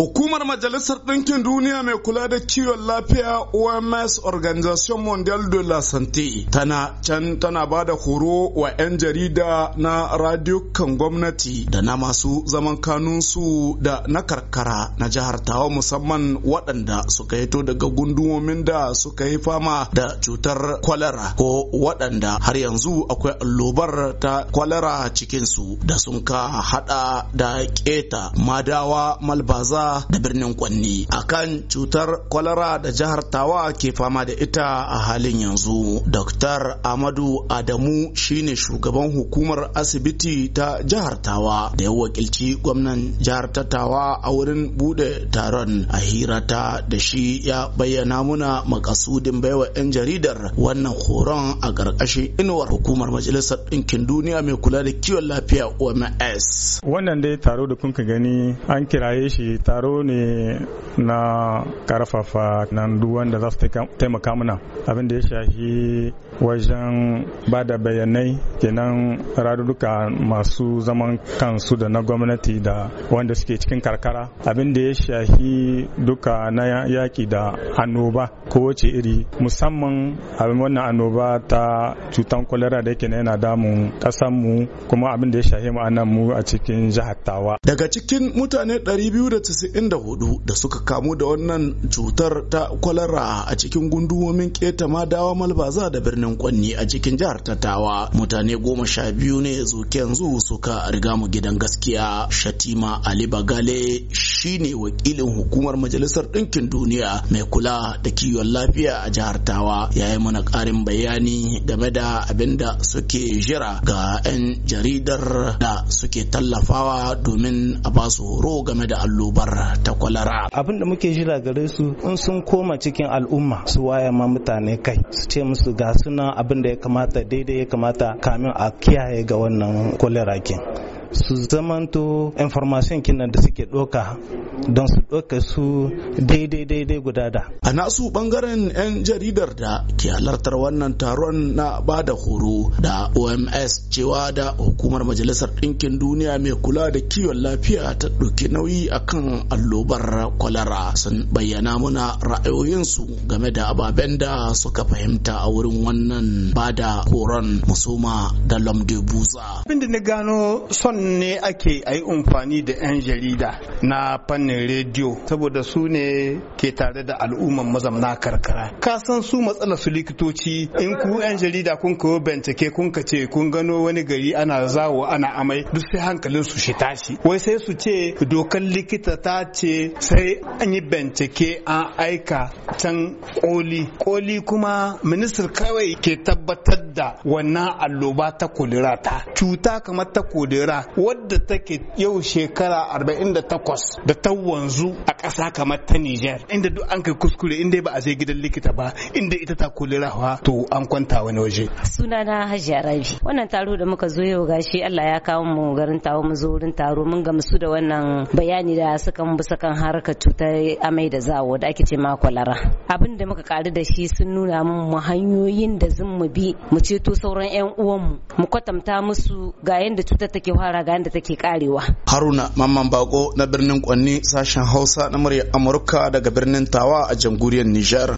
Hukumar Majalisar Ɗinkin Duniya mai kula da kiwon lafiya OMS Organization Mondial de la Santé tana can tana ba da horo wa 'yan jarida na kan gwamnati da na masu zaman kanunsu da na karkara na jihar Tawa musamman waɗanda suka hito daga gundumomin da suka yi fama da cutar kwalara ko waɗanda har yanzu akwai allobar ta kwalara cikinsu da sun ka haɗa da keta madawa malbaza da birnin Kwanni akan cutar kwalara da jihar Tawa ke fama da ita a halin yanzu. Dr. Amadu Adamu shine shugaban hukumar asibiti ta jihar Tawa da ya wakilci gwamnan jihar ta Tawa a wurin bude taron a hirata da shi ya bayyana muna makasudin baiwa 'yan jaridar wannan horon a ƙarƙashin inuwar hukumar majalisar ɗinkin duniya mai kula da kiwon lafiya OMS. Wannan dai taro da kun gani an kiraye shi ta taro ne na karfafa nan duk wanda za su taimaka mana abin da ya shafi wajen ba da bayanai kenan raduduka masu zaman kansu da na gwamnati da wanda suke cikin karkara abin da ya shafi duka na yaki da annoba kowace iri musamman abin wannan annoba ta cutan kwalara da yake yana damun mu kuma abin da ya shahe mu anan mu a cikin jihar tawa daga cikin mutane 294 da suka kamu da wannan cutar ta kwalara a cikin gundumomin keta madawa malbaza da birnin kwanni a cikin jihar ta tawa mutane goma sha biyu ne zuke yanzu suka riga mu gidan gaskiya shatima ali bagale shine wakilin hukumar majalisar ɗinkin duniya mai kula da kiwon kiwon lafiya a jihar tawa ya yi mana ƙarin bayani game da abin da suke jira ga 'yan jaridar da suke tallafawa domin a ba su horo game da allobar ta kwalara abin da muke jira gare su in sun koma cikin al'umma su waya ma mutane kai su ce musu ga suna abin da ya kamata daidai ya kamata kamin a kiyaye ga wannan kwalara kin su zamanto information kinan da suke ɗauka don su doka su daidai daidai guda da. A nasu ɓangaren 'yan jaridar da ke halartar wannan taron na bada horo da OMS cewa da hukumar Majalisar Ɗinkin Duniya mai kula da kiwon lafiya ta ɗauki nauyi akan allobar kwalara sun bayyana muna ra'ayoyinsu game da ababen da suka fahimta a wurin wannan bada horon musoma da lamdebuza. Abin da na gano son nan ne ake a yi amfani da 'yan jarida na fannin rediyo saboda su ne ke tare da al'umman mazamna karkara ka san su matsalar su likitoci in ku 'yan jarida kun kawo bincike kun ka ce kun gano wani gari ana zawo ana amai duk sai hankalin su shi tashi wai sai su ce dokar likita ta ce sai an yi bincike an aika can koli koli kuma ministar kawai ke tabbatar da wannan alloba ta kulira ta cuta kamar ta kulira wadda take yau shekara 48 da ta wanzu a ƙasa kamar ta Nijar inda duk an kai kuskure inda ba a je gidan likita ba inda ita ta kulirawa to an kwanta wani waje sunana Hajiya Rabi wannan taro da muka zo yau gashi Allah ya kawo mu garin tawo mu zo wurin taro mun ga musu da wannan bayani da suka mu bisa kan cutar amai da zawo da ake ce ma kwalara abin da muka karu da shi sun nuna mu hanyoyin da zan mu bi mu ceto sauran 'yan uwanmu mu kwatanta musu ga yadda cutar take fara shekara ga yadda take karewa. Haruna Mamman Bako na birnin Kwanni sashen Hausa na murya Amurka daga birnin Tawa a jamhuriyar Nijar.